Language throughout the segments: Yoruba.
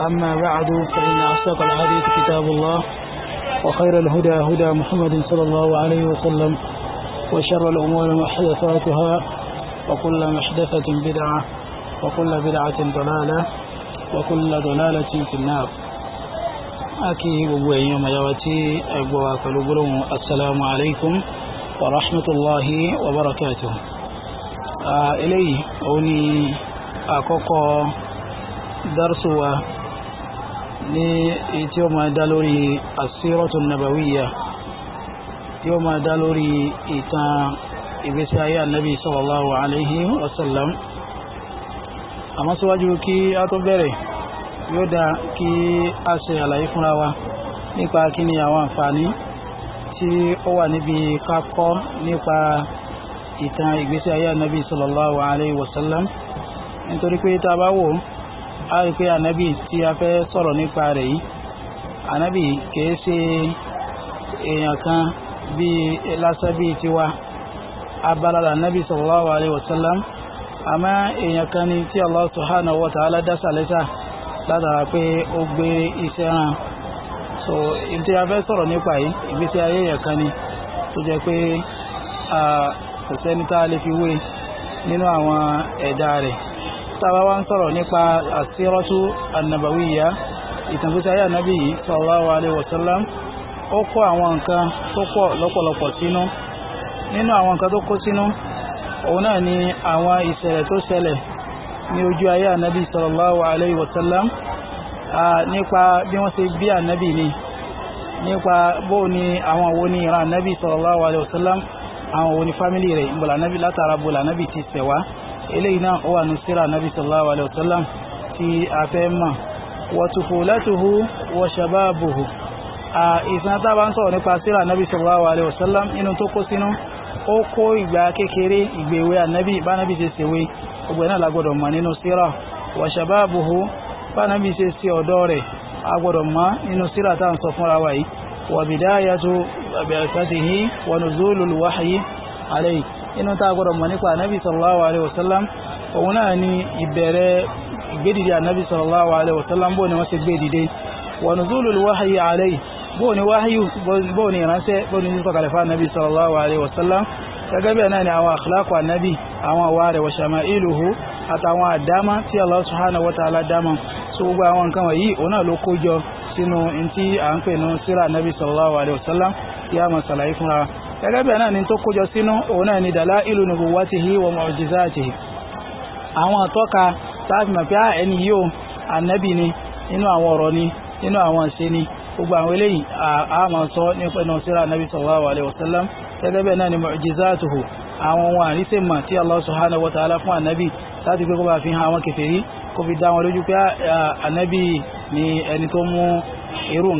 أما بعد فإن أصدق الحديث كتاب الله وخير الهدى هدى محمد صلى الله عليه وسلم وشر الأمور محدثاتها وكل محدثة بدعة وكل بدعة ضلالة وكل ضلالة في النار أكي بوين مجاوتي أبوا فلبلون السلام عليكم ورحمة الله وبركاته آه، إليه أوني أكوكو درسوا ní èyí tí ó máa dá lórí asírọ́tù nàbàwíyà tí ó máa dá lórí ìtàn ìgbésí ayé ànábì sallallahu alaihi wasallam àmọ́ síwájú kí a tó bẹ̀rẹ̀ yóò dá kí a ṣe àlàyé fúnra wa nípa kí ni àwọn àǹfààní tí ó wà níbi kákọ́ nípa ìtàn ìgbésí ayé ànábì sallallahu alaihi wasallam nítorí pé tá bá wò a rí pé ànábì tí a fẹ́ sọ̀rọ̀ nípa rẹ̀ yìí ànábì kìí ṣe èèyàn kan bíi lásán bíi tiwa abalala ànábì sallallahu alaihi wasallam àmọ́ èèyàn kan ni tí Allah subhanahu wa ta'ala dásà lẹ́sà látara pé ó gbé iṣẹ́ hàn so ìdí a fẹ́ sọ̀rọ̀ nípa yìí ìgbésí ayé èèyàn kan ni tó jẹ́ pé kò sẹ́ni tá a lè fi wé nínú àwọn ẹ̀dá rẹ̀ tàbá wá ń sọ̀rọ̀ nípa àsírọ́tú ànàbàwíyà ìtànfẹ́sẹ̀ ayé ànábì yìí sallallahu alaihi wasallam ó kó àwọn nǹkan tó pọ̀ lọ́pọ̀lọpọ̀ sínú nínú àwọn nǹkan tó kó sínú òun náà ni àwọn ìṣẹ̀lẹ̀ tó ṣẹlẹ̀ ní ojú ayé ànábì sallallahu alaihi wasallam nípa bí wọ́n ṣe bí ànábì ni nípa bó ni àwọn wo ni ìran ànábì sallallahu alaihi wasallam àwọn wo ni fámìlì rẹ̀ bọ̀là ànábì látara bọ̀là ànábì ti ṣẹ̀wá eléyìí náà ó wà ní síra nabi sallallahu alayhi wa sallam tí a fẹ́ mọ̀ wa tufulatuhu wa shababuhu ìsìn tá a bá ń sọ̀rọ̀ nípa síra nabi sallallahu alayhi wa sallam inú tó kó sínú ó kó ìgbà kékeré ìgbèwé ànábì bánábì ṣe ṣèwé gbogbo náà lágbọ́dọ̀ mọ̀ inú tá a gbọ́dọ̀ mọ̀ nípa ànábì sallallahu alaihi wasallam òun náà ni ìbẹ̀rẹ̀ ìgbédìde ànábì sallallahu alaihi wasallam bó ni wọ́n ṣe gbédìde wa nuzulul wahyi alayhi bó ni wáhíyù bó ni ìránṣẹ́ bó ni nípa kàlẹ́fà ànábì sallallahu alaihi wasallam gẹ́gẹ́ bẹ́ẹ̀ náà ni àwọn akhlaqu ànábì àwọn àwa rẹ̀ wa shama'iluhu àtàwọn àdámá tí Allah subhanahu wa ta'ala dámá so gbogbo àwọn nǹkan mọ̀ sàlàyé fúnra gẹ́gẹ́ bẹ́ẹ̀ náà ni tó kójọ sínú òun náà ni dalailu nubuwatihi wa mu'jizatihi àwọn àtọ́ka láti mọ̀ pé ah, ẹni yìí ó ni nínú àwọn ọ̀rọ̀ ni nínú àwọn ìṣe ni gbogbo àwọn eléyìí àmọ́ sọ nípa ẹnu síra ànábì sallallahu alaihi wasallam gẹ́gẹ́ bẹ́ẹ̀ náà ni mu'jizatuhu àwọn ohun àrísè Allah subhanahu wa ta'ala fún ànábì láti pé kó bá fi hàn àwọn ah, ni ẹni tó mú irú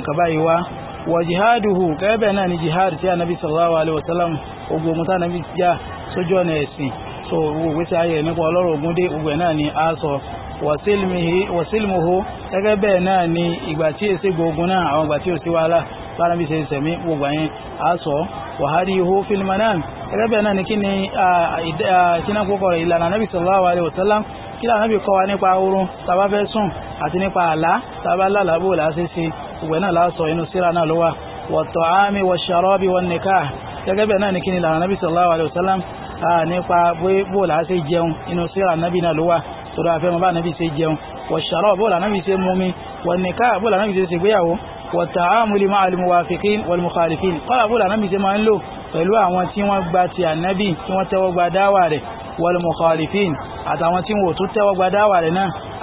wa jihaduhu kẹ́bẹ̀ náà ni jihad tí anabi sallallahu Alaihi Wasallam sallam ogun ogun tá anabi já sójú ọ̀nà ẹ̀sìn so gbogbo ìgbésí ayé nípa ọlọ́rọ̀ ogun dé gbogbo ẹ̀ náà ni a sọ wàsílmùhó gẹ́gẹ́ bẹ́ẹ̀ náà ni ìgbà tí èsì gbogbo náà àwọn ìgbà tí ò sí wàhálà lára bí ṣe sẹ̀mí gbogbo àyẹn a sọ wàhárí ihò fílmanán gẹ́gẹ́ bẹ́ẹ̀ náà ni kí ni kínákókò rẹ̀ ìlànà anábì sallallahu alaihi wasallam kí lànà bí kọ́ wa nípa oorun tàbá fẹ́ sùn àti nípa àlá tàbá lálàbò làá gbogbo náà láàsọ inú síra náà ló wà wọ̀tọ̀ ámì wọ ṣàrọ́bì wọn nìka gẹ́gẹ́ bẹ́ẹ̀ náà ní kíni lànà nàbì sallallahu alaihi wasallam nípa bó làá ṣe jẹun inú síra nàbì náà ló wà sọ́dọ̀ bá nàbì ṣe jẹun wọ ṣàrọ́bì bó làá nàbì ṣe mumi wọn nìka bó làá nàbì ṣe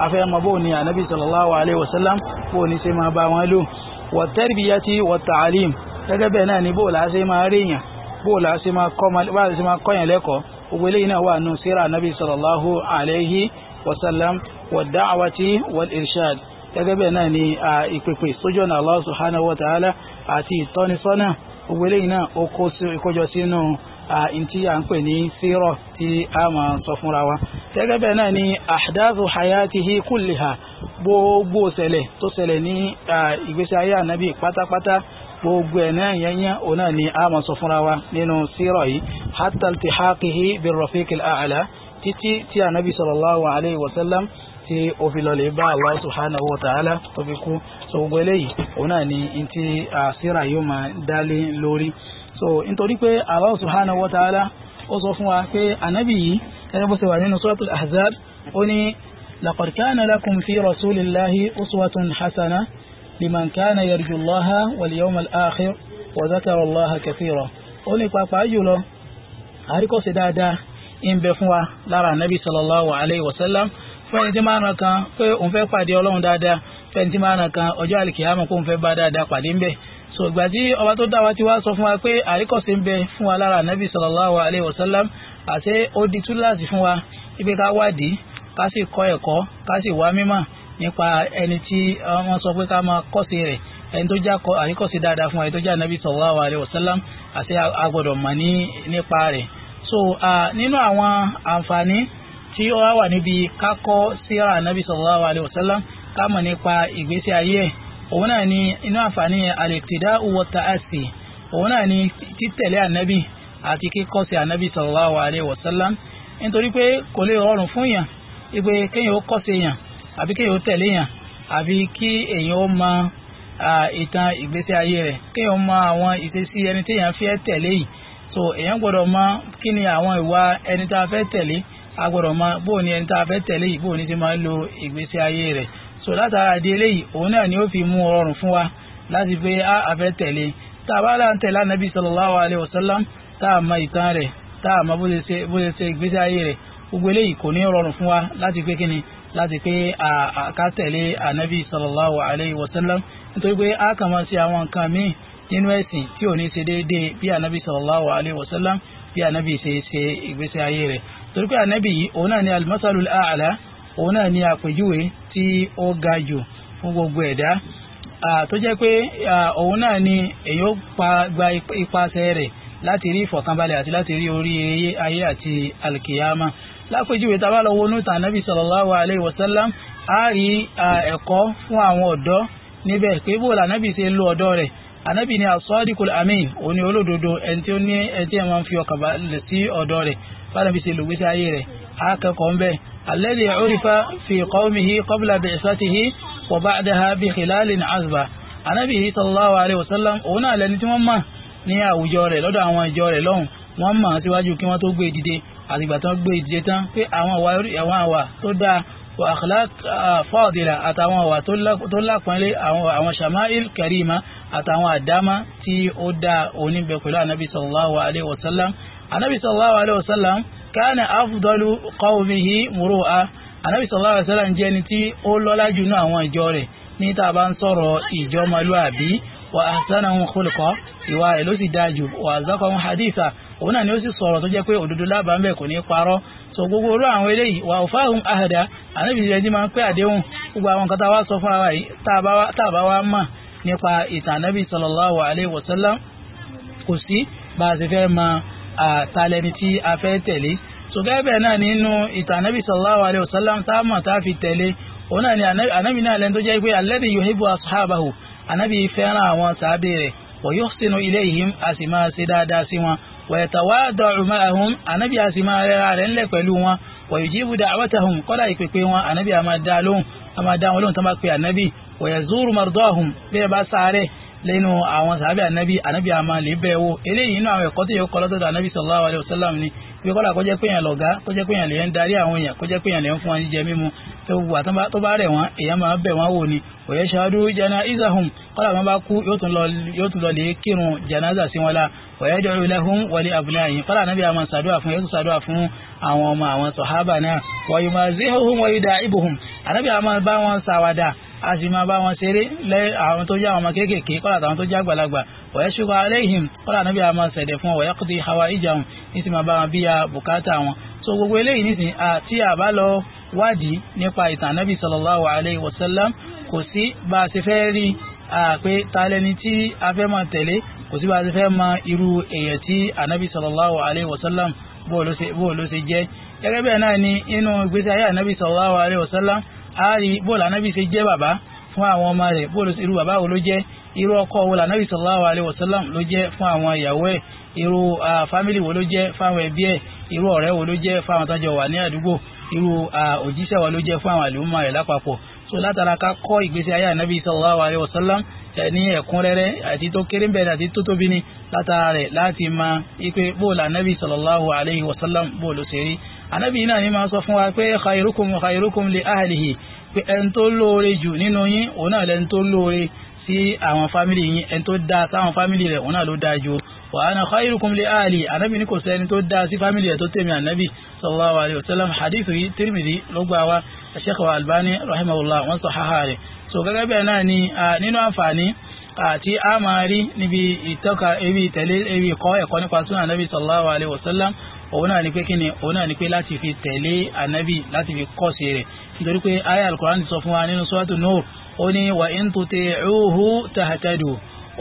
afẹ́ mọ bóò ni anabi sallallahu alayhi wa sallam bóò ni ṣe máa bá wọn lò wà tarbiyati wà ta'alim gẹ́gẹ́ bẹ́ẹ̀ náà ni bóò láṣẹ máa ríyàn bóò láṣẹ máa kọ́yàn lẹ́kọ̀ọ́ gbogbo eléyìí náà wà nù síra anabi sallallahu alayhi wa sallam wà da'awati wà irshad gẹ́gẹ́ bẹ́ẹ̀ náà ni ìpèpè sójú ọ̀nà Allah subhanahu wa ta'ala àti ìtọ́nisọ́nà gbogbo eléyìí ó kó ìkójọ sínú à ń pè ní sírọ̀ tí a máa sọ fúnra wa gẹ́gẹ́ bẹ́ẹ̀ náà ni ahdathu hayatihi kulliha gbogbo ṣẹlẹ̀ tó ṣẹlẹ̀ ní ìgbésí ayé ànábì pátápátá gbogbo ẹ̀ náà yẹnyẹn òun náà ni a máa sọ fúnra wa nínú sírọ̀ yìí hatta iltihaqihi birrafiqil a'la títí tí ànábì sallallahu alayhi tí ó fi lọ gẹ́gẹ́ bó ṣe wà nínú suratul ahzab ó ní laqad kana lakum fi rasulillahi uswatun hasana liman kana yarju allaha wal yawmal akhir wa zakara allaha kathira ó ní pàápàá jùlọ àríkọ́ṣe dáadáa ń bẹ fún wa lára nabi sallallahu alayhi wa sallam fún ẹni tí máa ń kan pé òun fẹ́ pàdé ọlọ́run dáadáa fún ẹni tí máa ń kan ọjọ́ àlìkìyàmọ̀ pé òun fẹ́ bá dáadáa pàdé ń bẹ̀ so ìgbà tí ọba tó dá ti wá sọ fún wa pé àríkọ́ṣe ń bẹ fún wa lára nabi sallallahu alayhi wa àṣé ó di túláàsì fún wa ibi ká wádìí ká sì kọ́ ẹ̀kọ́ ká sì wá mímọ̀ nípa ẹni tí wọ́n sọ pé ká máa kọ́sí rẹ̀ ẹni tó já kọ àríkọ́sí dáadáa fún wa ẹni tó já nàbí sallallahu alaihi wasallam àti agbọ́dọ̀ mọ̀ ní nípa rẹ̀ so nínú àwọn àǹfààní tí ó wà níbi kákọ́ síra nàbí sallallahu alaihi wasallam ká mọ̀ nípa ìgbésí ayé ẹ̀ òun náà ni inú àǹfààní al-iqtida'u wa ta'assi òun náà ni títẹ̀lé ànábì àti kíkọ́ sí anabi sallallahu alayhi wa sallam nítorí pé kò lè rọrùn fún yàn ipe kéèyàn ó kọ́ sí yàn àbí kéèyàn ó tẹ̀lé yàn àbí kí èèyàn ó mọ ìtàn ìgbésí ayé rẹ̀ kéèyàn ó mọ àwọn ìṣesí ẹni téèyàn fẹ́ tẹ̀lé yìí so èèyàn gbọ́dọ̀ mọ kí ni àwọn ìwà ẹni tá a fẹ́ tẹ̀lé a gbọ́dọ̀ mọ bó ni ẹni tá a fẹ́ tẹ̀lé yìí bó ni ti máa ń lo ìgbésí ayé rẹ̀ so látara di eléyìí òun náà ni ó fi mú rọrùn fún wa láti pé a fẹ́ tẹ̀lé tàbá là ń tẹ̀lé anabi sallallahu alayhi wa tá a mọ ìtàn rẹ̀ tá a mọ bó ṣe ṣe ìgbésí ayé rẹ̀ gbogbo eléyìí kò ní rọrùn fún wa láti pé kíni láti pé ká tẹ̀lé ànábì sallallahu alayhi wa sallam nítorí pé a kàn máa ṣe àwọn nǹkan míì nínú ẹ̀sìn tí ò ní ṣe déédéé bí ànábì sallallahu alayhi wa sallam bí ànábì ṣe ṣe ìgbésí ayé rẹ̀ torí pé ànábì yìí òun náà ni almasalul masalul a'la òun náà ni àpèjúwe tí ó ga jù fún gbogbo ẹ̀dá tó jẹ́ pé òun náà ni èyí ó gba ipasẹ̀ rẹ̀ láti rí ìfọ̀kànbalẹ̀ àti láti rí orí ayé àti alkiyama lápèjúwe tá a bá lọ wọnú tàn nábì sallallahu alayhi wa sallam a rí ẹ̀kọ́ fún àwọn ọ̀dọ́ níbẹ̀ pé bó la nábì ṣe lo ọ̀dọ́ rẹ̀ ànábì ni asọ́díkul amin òun ni olódodo ẹni tí ó ní ẹni tí ẹ máa ń fi ọkàn balẹ̀ sí ọ̀dọ́ rẹ̀ fáwọn fi ṣe lògbésí ayé rẹ̀ akẹ́kọ̀ọ́ ń bẹ́ẹ̀ alladhi urifa fi qawmihi qabla bi'satihi wa ba'daha bi khilalin azba ànábì sallallahu alayhi wa sallam òun náà lẹni tí wọ́n mọ̀ ní àwùjọ rẹ̀ lọ́dọ̀ àwọn ìjọ rẹ̀ lọ́hùn wọ́n mọ̀ síwájú kí wọ́n tó gbé ìdìde àtìgbà tó ń gbé ìdìde tán pé àwọn àwà tó dáa wa akhlaq fadila àtàwọn àwà tó lápọ́nlé àwọn shama'il karima àtàwọn àdámá tí ó dáa oníbẹ̀ pẹ̀lú anabi sallallahu alayhi wa sallam anabi sallallahu alayhi wa sallam kana afdalu qawmihi muru'a anabi sallallahu alayhi wa sallam jẹ́ ni tí ó lọ́lá jù ní àwọn ìjọ rẹ̀ ní tá a bá ń sọ̀rọ̀ wa ahsanahum khulqa iwa rẹ̀ ló sì dáa wa azzaqahum haditha òun ni ó sì sọ̀rọ̀ tó jẹ́ pé òdodo lábàá ń bẹ̀ kò ní so gbogbo orú àwọn eléyìí wa awfahum ahada ànábì ìrẹ́jì máa ń pẹ́ àdéhùn gbogbo àwọn kan tá a wá sọ fún ara yìí tá a bá wá mọ̀ sallallahu alaihi wasallam, sallam kò sí bá a sì fẹ́ mọ àtàlẹ́ni tí a fẹ́ tẹ̀lé so gẹ́gẹ́ bẹ́ẹ̀ náà nínú ìtàn ànábì sallallahu alaihi wasallam sallam tá a mọ̀ tá a fi tẹ̀lé òun náà ni ànábì náà lẹ́ni tó jẹ́ pé alladhi yuhibbu ashabahu anábì fẹ́ràn àwọn sàábẹ̀ rẹ̀ wa yuhsinu ilayhim a sì máa ṣe dáadáa sí wọn wa yatawada'u ma'ahum anábì a sì máa rẹ́ra rẹ̀ ńlẹ̀ pẹ̀lú wọn wa yujibu da'watahum kọ́dà ìpèpè wọn anábì a máa dá lóhùn a máa dá wọn lóhùn tó bá pe anábì wa yazuru mardahum bẹ́ẹ̀ bá sáré lẹ́nu àwọn sàábẹ̀ ànábì ànábì àmà lè bẹ̀ eléyìí inú àwọn ẹ̀kọ́ tó yẹ kọ́ lọ́dọ̀ ànábì sallallahu alaihi wasallam ni bí kọ́lá kó pé èèyàn lọ̀gá kó pé èèyàn lè ń darí àwọn èèyàn kó pé èèyàn lè ń fún wọn jíjẹ mímu tó wà tó bá rẹ̀ wọ́n èèyàn máa bẹ̀ wọ́n wò ni òye ṣáájú janaizahum kọ́lá wọn bá kú yóò tún lọ lè kírun janaza sí wọn la òye jọ lahum wa li abna'ihim kọ́lá ànábì àmà sàdúrà fún yóò tún sàdúrà fún àwọn ọmọ àwọn sàhábà náà wa yumazihum wa yuda'ibuhum ànábì àmà bá wọn sàwádà a sì máa bá wọn ṣeré lẹ́ àwọn tó jẹ́ àwọn ọmọ kéékèèké kọ́lá àtàwọn tó jẹ́ àgbàlagbà wọ̀nyẹ́ ṣùgbọ́n aléhìm kọ́lá ànábì àmọ́ ṣẹ̀dẹ̀ fún wọ̀nyẹ́ kùtì hawa ìjàun ní sì máa bá wọn bíya bùkátà wọn. so gbogbo eléyìí nísìn àti àbá lọ wádìí nípa ìtàn ànábì sallallahu alayhi wa sallam kò sí bá a ṣe fẹ́ rí pé ta lẹni tí a fẹ́ máa tẹ̀lé kò sí bá a ṣe fẹ́ sallallahu alayhi wa sallam bóòló ṣe jẹ́ gẹ́gẹ́ bẹ́ẹ̀ náà ni inú sallallahu alayhi wa a rí bóòlù anábì ṣe jẹ́ bàbá fún àwọn ọmọ rẹ̀ bóòlù irú bàbá wo ló jẹ́ irú ọkọ wo lànàbì sallallahu alaihi wasallam ló jẹ́ fún àwọn ìyàwó ẹ̀ irú fámìlì wo ló jẹ́ fáwọn ẹbí ẹ̀ irú ọ̀rẹ́ wo ló jẹ́ fáwọn tó jọ wà ní àdúgbò irú òjíṣẹ́ wo ló jẹ́ fún àwọn àlùmọ́ rẹ̀ lápapọ̀ so látara ká kọ́ ìgbésí ayé ànábì sallallahu alaihi wasallam ní ẹ̀kúnrẹ́rẹ́ àti tó kéré ń bẹ̀rẹ̀ àti tó tóbi ni látara rẹ̀ láti máa ipe bóòlù ànábì sallallahu alaihi wasallam bóòlù ṣe rí anábì náà ni máa sọ fún wa pé khairukum khairukum li ahlihi pé ẹni tó lóore jù nínú yín òun náà lẹni tó lóore sí àwọn fámìlì yín ẹni tó dáa sáwọn fámìlì rẹ̀ òun náà ló dáa jù wa ana khairukum li ahali anábì ní kò sẹ́ni tó dáa sí fámìlì rẹ̀ tó tèmi anábì sallallahu alayhi wa sallam hadithu yìí tirmidhi ló gbà wá sheikh wa albani rahimahullah wọn sọ haha rẹ̀ so gẹ́gẹ́ bẹ́ẹ̀ náà ni nínú àǹfààní àti a máa rí níbi ìtọ́ka ebi ìtẹ̀lé ibi ìkọ́ ẹ̀kọ́ nípa sunan anábì sallallahu alayhi wa sallam òun náà ni pé kí ni òun náà ni pé láti fi tẹ̀lé ànábì láti fi kọ́sì rẹ̀ nítorí pé aya alukur'an ti sọ fún wa nínú suratu Nur ó ní wa in tuti'uhu tahtadu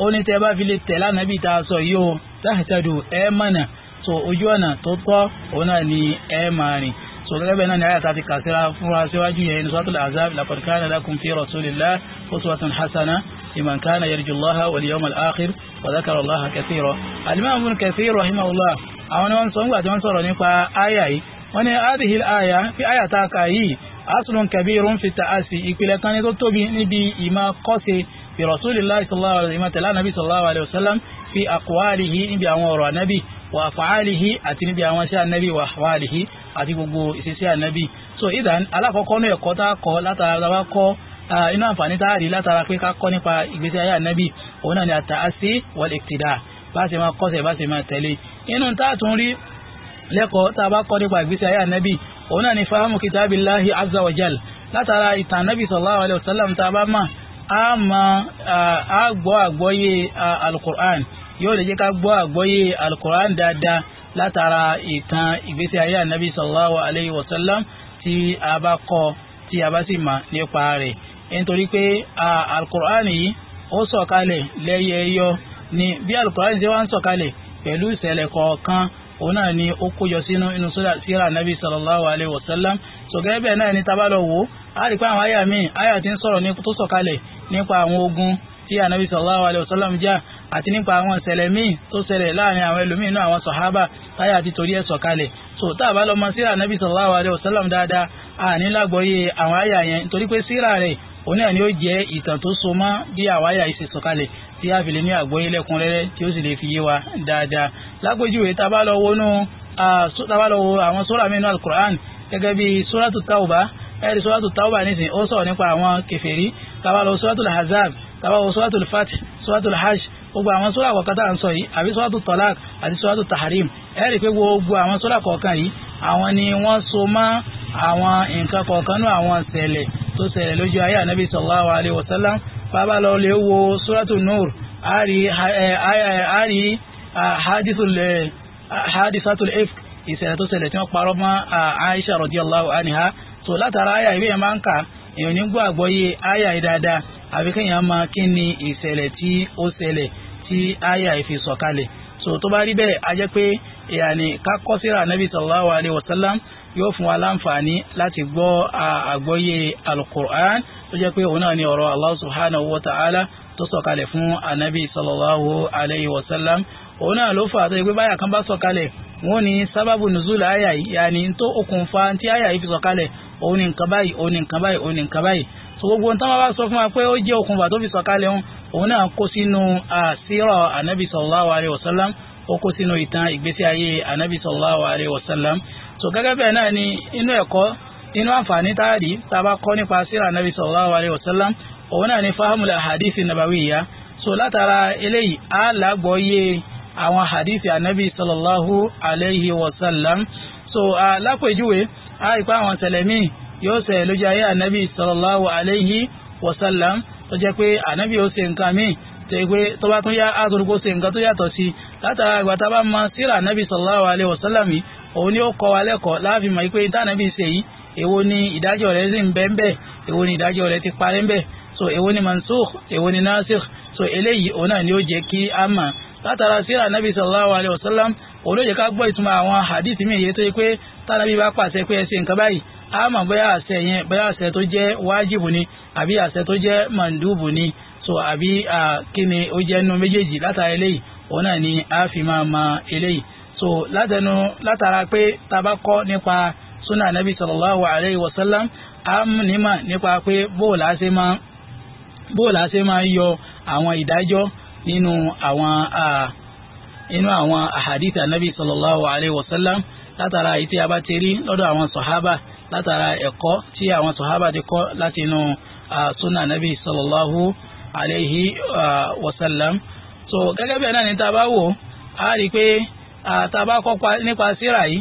ó ní tẹ́ bá fi lè tẹ̀lé ànábì tá a sọ yìí o tahtadu ẹ̀ mọ̀nà so ojú ọ̀nà tó tọ́ òun náà ni ẹ̀ máa rìn so gẹ́gẹ́ bẹ́ẹ̀ náà ni àyàtà ti kàṣírà fúnra síwájú yẹn ní suratul azab laqad kana lakum fi rasulillah uswatun hasana liman kana yarju allaha wal àwọn ni wọ́n sọ nígbà tí wọ́n sọ̀rọ̀ nípa àyà yìí wọ́n ní adìhí àyà fi àyà tá a kà yìí asulun kabirun fi ta'asi ìpìlẹ̀ kan ní tó tóbi níbi ìmọ̀ kọ́sẹ̀ fi rasulillahi sallallahu alaihi wa sallam nabi sallallahu alaihi wa sallam fi aqwalihi wa af'alihi àti níbi àwọn iṣẹ́ anabi wa ahwalihi àti gbogbo ìṣiṣẹ́ anabi so idan alákọ̀ọ́kọ́ náà ẹ̀kọ́ tá a kọ́ látara bá kọ́ inú àǹfààní tá a rí látara pé ká kọ́ nípa ìgbésí ayé bá ṣe máa kọ́sẹ̀ bá ṣe máa tẹ̀lé inú táàtún rí lẹ́kọ̀ọ́ tá a bá kọ́ nípa ìgbésí ayé ànábì òun náà ni fahamu kitabillahi azza wa jal látara ìtàn ànábì sallallahu alayhi wa sallam tá a bá mà á mọ á gbọ́ àgbọ́yé alukur'an yóò lè jẹ́ ká gbọ́ àgbọ́yé alukur'an dáadáa látara ìtàn ìgbésí ayé ànábì sallallahu alayhi wa tí a bá kọ́ tí a bá sì mà nípa rẹ̀ nítorí pé alukur'an yìí ó sọ̀kalẹ̀ lẹ́yẹyọ ni bí alukurani ṣe wá ń sọ̀kalẹ̀ pẹ̀lú ìṣẹ̀lẹ̀ kọ̀ọ̀kan òun náà ni ó kójọ sínú inú síra nabi sallallahu alayhi wa sallam sọ̀gẹ́ bẹ́ẹ̀ náà ni tabalọ̀ wò á rí pé àwọn àyà míì àyà ti ń sọ̀rọ̀ ní tó sọ̀kalẹ̀ nípa àwọn ogun tí anabi sallallahu alayhi wa sallam jà àti nípa àwọn ìṣẹ̀lẹ̀ míì tó ṣẹlẹ̀ láàrin àwọn ẹlòmíì náà àwọn sọ̀hábà táyà ti torí ẹ̀ sọ̀kalẹ̀ so tá a lọ mọ síra nabi sallallahu alayhi wa sallam dáadáa àní lágbọ́yé àwọn àyà yẹn torí pé síra rẹ̀ òun náà ni ó jẹ́ tí a fi lè ní àgbọ́yé lẹ́kùnrẹ́rẹ́ tí ó sì lè fi yé wa dáadáa lápèjúwe tá a bá lọ wọnú tá a bá lọ wo àwọn sóra mẹ́nu alukur'an gẹ́gẹ́ bí sóràtú tauba ẹ̀rí sóràtú tauba nísìn ó sọ̀rọ̀ nípa àwọn kèfèrí tá a bá lọ sóràtú lahazab tá a bá wọ sóràtú fat sóràtú hajj gbogbo àwọn sóra kọ̀ọ̀kan à ń sọ yìí àbí sóràtú talaq àti sóràtú taharim ẹ̀rí pé gbogbo àwọn sóra kọ̀ọ̀kan yìí àwọn ni wọ́n so mọ́ àwọn nǹkan kọ̀ọ̀kan nú àwọn ṣẹlẹ̀ tó ṣẹlẹ̀ lójú ayé ànábì sallallahu alaihi wasallam bàbá lọ lè wo suratu nur àárí àárí hadisatul ifk ìṣẹ̀lẹ̀ tó ṣẹlẹ̀ tí wọ́n parọ́ mọ́ Aisha radiyallahu anha so látara àyà ìwé yẹn máa ń kà èèyàn ní gbọ́ àgbọ́yé àyà yìí dáadáa àfi kí ni ìṣẹ̀lẹ̀ tí ó ṣẹlẹ̀ tí àyà yìí sọ̀kalẹ̀ so tó bá rí bẹ́ẹ̀ a jẹ́ pé ìyàní kákọ́ síra nabi sallallahu alayhi wa sallam yóò fún wa láǹfààní láti gbọ́ àgbọ́yé alukur'an tó jẹ́ pé òun náà ni ọ̀rọ̀ Allah subhanahu wa ta'ala tó sọ̀kalẹ̀ fún anabi sallallahu alayhi wa sallam òun náà ló fà á tó yẹ pé báyà kan bá sọ̀kalẹ̀ wọ́n ní sábàbù nùzúlù àyà yìí yàní tó okùnfà tí àyà yìí fi sọ̀kalẹ̀ òun ní nǹkan báyìí òun ní nǹkan báyìí òun ní nǹkan báyìí so gbogbo nǹkan bá sọ fún wa pé ó jẹ́ okùnfà tó fi sọ̀kalẹ̀ wọn òun náà kó sínú àsírọ̀ anabi sallallahu alayhi ó kó sínú ìtàn ìgbésí ayé anabi sallallahu alayhi wa gẹ́gẹ́ bẹ́ẹ̀ náà ni inú ẹ̀kọ́ inú àǹfààní táàrí tá a bá kọ́ nípa síra nabi sallallahu alayhi wa sallam òun náà ni fahamula hadithi nabawiyya so látara eléyìí á làgbọ́yé àwọn hadithi anabi sallallahu alayhi wa sallam so lápèjúwe á rí pé àwọn sẹlẹ̀mí yóò ṣe lójú ayé anabi sallallahu alayhi wa sallam tó jẹ́ pé anabi ó ṣe nǹkan míì tẹ̀gbẹ́ tó bá tún yá àtúrúkọ sí nǹkan tó yàtọ̀ sí látara ìgbà tá a bá mọ síra nábì sallallahu alaihi wasallam òun ni ó kọ́ wa lẹ́kọ̀ọ́ láàfin mọ̀ pé ìdá nábì èwo ni ìdájọ́ rẹ̀ sì ń bẹ ń bẹ èwo ni ìdájọ́ rẹ̀ ti parẹ́ ń bẹ so èwo ni mansukh èwo ni nasikh so eléyìí òun náà ni ó jẹ́ kí a mọ̀ látara síra nabi sallallahu alayhi wa sallam òun ló jẹ́ ká gbọ́ ìtumọ̀ àwọn hadith mi èyí tó yẹ pé tánàbí bá pàṣẹ pé ẹ ṣe nǹkan báyìí a mọ̀ bóyá àṣẹ yẹn bóyá àṣẹ tó jẹ́ wájìbù ni àbí àṣẹ tó jẹ́ màndúbù ni so àbí kí ni ó jẹ́ nínú méjèèjì látara eléyìí òun náà ni a fi máa ma eléyìí so látẹnu látara pé tá a bá kọ́ nípa súnà Nabi sallallahu Alaihi Wasallam. sallam á nímọ̀ nípa pé bóòlù á ṣe máa bóòlù á ṣe máa yọ àwọn ìdájọ́ nínú àwọn inú àwọn ahadith anábì sallallahu alayhi wa sallam látara ìtí abátẹ́rí lọ́dọ̀ àwọn sọ̀hábà látara ẹ̀kọ́ tí àwọn sọ̀hábà ti kọ́ láti inú súnà anábì sallallahu Alaihi Wasallam. so gẹ́gẹ́ bí ẹ̀nà ni ta bá wò á rí pé tá bá kọ́ nípa síra yìí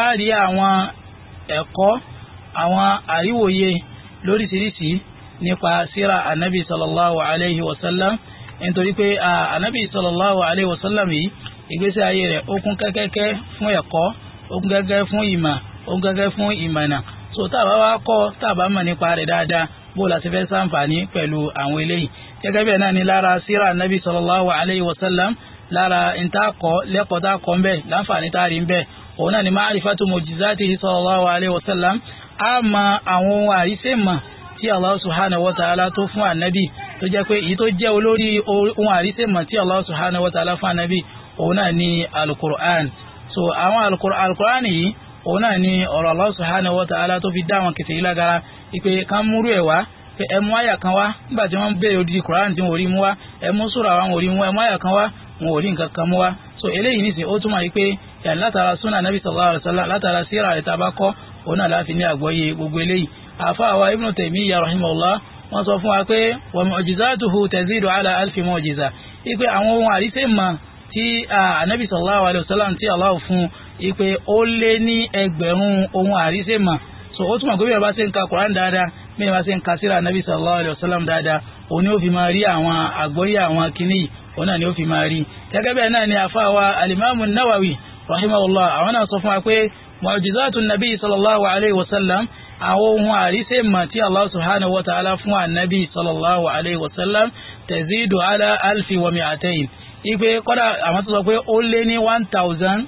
á rí àwọn ẹ̀kọ́ àwọn àríwòye lóríṣiríṣi nípa síra anabi sallallahu alayhi wa sallam nítorí pé anabi sallallahu alayhi wa sallam yìí ìgbésí ayé rẹ̀ ó kún kẹ́kẹ́kẹ́ fún ẹ̀kọ́ ó kún kẹ́kẹ́ fún ìmọ̀ ó kún kẹ́kẹ́ fún ìmọ̀nà so tá a bá wá kọ́ tá mọ̀ nípa rẹ̀ dáadáa bó la ṣe fẹ́ sàǹfààní pẹ̀lú àwọn eléyìí gẹ́gẹ́ bẹ́ẹ̀ náà ni lára síra anabi sallallahu alayhi wa sallam lára ìta kọ́ lẹ́kọ̀ọ́ tá a kọ́ òun náà ni ma'rifatu mu'jizatihi sallallahu alayhi wa sallam a ma àwọn ohun àrísẹ́ mà tí Allah subhanahu wa ta'ala tó fún ànábì tó jẹ́ pé èyí tó jẹ́ olórí ohun àrísẹ́ tí Allah subhanahu fún ànábì òun ni alukur'an so àwọn alukur'an yìí òun náà ni ọ̀rọ̀ Allah subhanahu wa ta'ala tó fi dá àwọn kìtì lágara ìpè kan múrú ẹ̀ wá pé ẹmú àyà kan wá nígbà tí wọ́n bẹ̀rẹ̀ odidi kur'an tí wọ́n rí mú wá ẹmú sùrà wa rí mú ẹmú àyà kan wá wọ́n rí nǹkan kan mú wá so eléyìí nìsín ó túmọ̀ yìí pé yàrá látara súnà nàbì sallallahu alaihi wasallam látara síra rẹ̀ tàbá kọ́ òun náà láfi ní àgbọ́yé gbogbo eléyìí àfa wa ibnu taymiya rahimahullah wọ́n sọ fún wa pé wa mu'jizatuhu tazidu ala alfi mu'jiza ipe àwọn ohun àrísẹ́ mọ̀ tí anabi sallallahu alaihi wasallam tí Allah fún ipe ó lé ní ẹgbẹ̀rún ohun àrísẹ́ mọ̀ so ó túmọ̀ pé bí wọ́n bá ṣe ń ka Qur'an dáadáa bí wọ́n bá ṣe ń ka síra anabi sallallahu alaihi wasallam dáadáa òun ni ó fi máa rí àwọn àgbọ́yé àwọn kìnnì òun náà ni ó fi máa rí gẹ́gẹ́ bẹ́ẹ̀ náà ni àfa wa alimamu nawawi rahimahullah àwọn náà sọ fún wa pé mu'jizatu nabi sallallahu alayhi wa sallam àwọn ohun àríṣe mà tí allah subhanahu wa ta'ala fún anabi sallallahu alayhi wa sallam tazidu ala alfi wa mi'atayn ipe kọ́dà àwọn tó sọ pé ó lé ní one thousand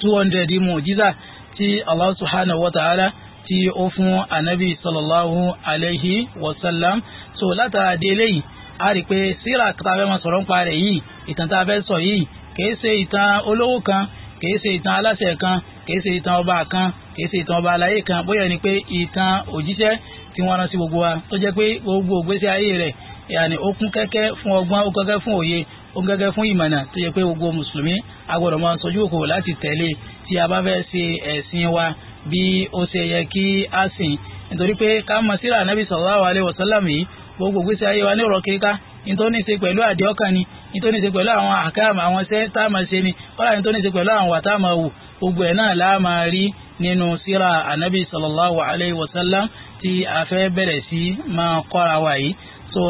two hundred mu'jiza tí allah subhanahu wa ta'ala tí ó fún anabi sallallahu alayhi wa sallam so látara délé yìí a rí pé síra tá a sọ̀rọ̀ nípa rẹ̀ yìí ìtàn tá sọ yìí kìí ṣe ìtàn olówó kan kìí ṣe ìtàn aláṣẹ kan kìí ṣe ìtàn ọba kan kìí ṣe ìtàn ọba aláyé kan bóyá ni pé ìtàn òjíṣẹ́ tí wọ́n rán sí gbogbo wa tó jẹ́ pé gbogbo ògbésí ayé rẹ̀ yàní ó kún kẹ́kẹ́ fún ọgbọ́n ó kẹ́kẹ́ fún òye ó gẹ́gẹ́ fún ìmọ̀nà tó yẹ pé gbogbo mùsùlùmí agbọ́dọ̀ máa sojú òkòwò láti tẹ̀lé tí a bá fẹ́ ṣe ẹ̀sìn wa bí ó ṣe yẹ kí a sìn nítorí pé ká mọ̀ síra anábì sallallahu alaihi wasallam yìí gbogbo gbèsè ayé wa ní ọ̀rọ̀ kíríká nítorí ní ṣe pẹ̀lú àdéhọ́kàn ni nítorí ní ṣe pẹ̀lú àwọn àkáàmù àwọn iṣẹ́ tá a máa ṣe ni kọ́lá nítorí ní ṣe pẹ̀lú àwọn wà tá a máa wù gbogbo ẹ̀ náà láà rí nínú síra ànábì sallallahu alayhi wa sallam tí a fẹ́ bẹ̀rẹ̀ sí máa kọ́ra wa yìí so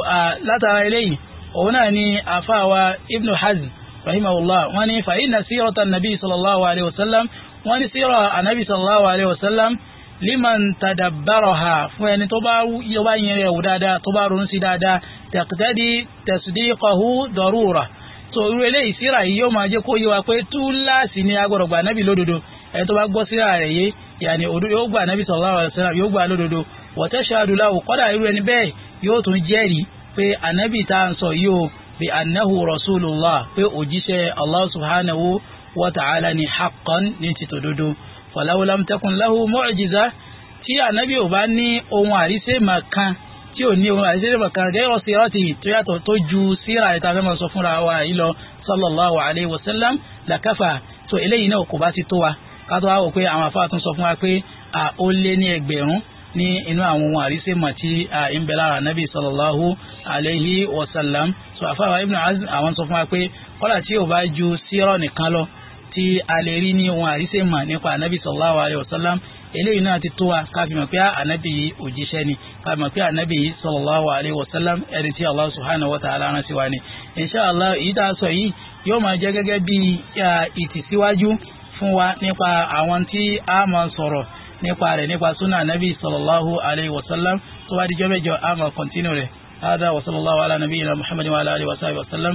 látara eléyìí òun náà ni àfáàwa ibnu hazm rahimahullah wọ́n ní faina inna sírọ̀tà nàbí sallallahu alayhi wa sallam wọ́n ní sírọ̀ ànábì sallallahu alayhi wa sallam liman tadabbaraha fún ẹni tó bá yọba yin rẹ̀ wù dáadáa tó bá ronú sí dáadáa taqtadi tasdiqahu darura tó irú eléyìí síra yìí yóò máa jẹ́ kó yé wa pé túláàsì ni agbọ̀rọ̀ gbà nábì lódodo ẹni tó bá gbọ́ síra rẹ̀ yé yàní yóò gbà nábì sallallahu alaihi wasallam yóò gbà lódodo falaw lam takun lahu mu'jiza tí ànábì ò bá ní ohun àríṣe màkan tí ò ní ohun àríṣe màkan gẹ́gẹ́ ọ̀sẹ̀ ọ̀tì tó yàtọ̀ tó ju síra ìta fẹ́ máa sọ fúnra wa yìí lọ sallallahu alayhi làkàfà tó eléyìí náà kò bá ti tó wa ká tó pé àwọn afá tún sọ fún wa pé à ó lé ní ẹgbẹ̀rún ní inú àwọn ohun àríṣe mà tí à ń bẹ lára ànábì sallallahu alayhi wa sallam so àfáwà ibn azm àwọn sọ fún wa pé kọ́lá tí ò bá ju sírọ̀ nìkan lọ tí a lè rí ní ohun àríṣe mọ̀ nípa anabi sallallahu alayhi wa sallam eléyìí náà ti tó wa káfí mọ̀ pé anabi yìí òjíṣẹ́ ni káfí mọ̀ pé anabi yìí sallallahu alayhi wa sallam ẹni tí allah subhanahu wa ta'ala rán sí wa ni insha allah èyí tá a sọ yìí yóò máa jẹ́ gẹ́gẹ́ bí ìtìsíwájú fún wa nípa àwọn tí a máa sọ̀rọ̀ nípa rẹ̀ nípa súnà anabi sallallahu alayhi wa sallam tó wá di jọ́mẹ́jọ a máa kọ́ntínú rẹ̀ هذا وصلى الله على نبينا محمد وعلى اله وصحبه وسلم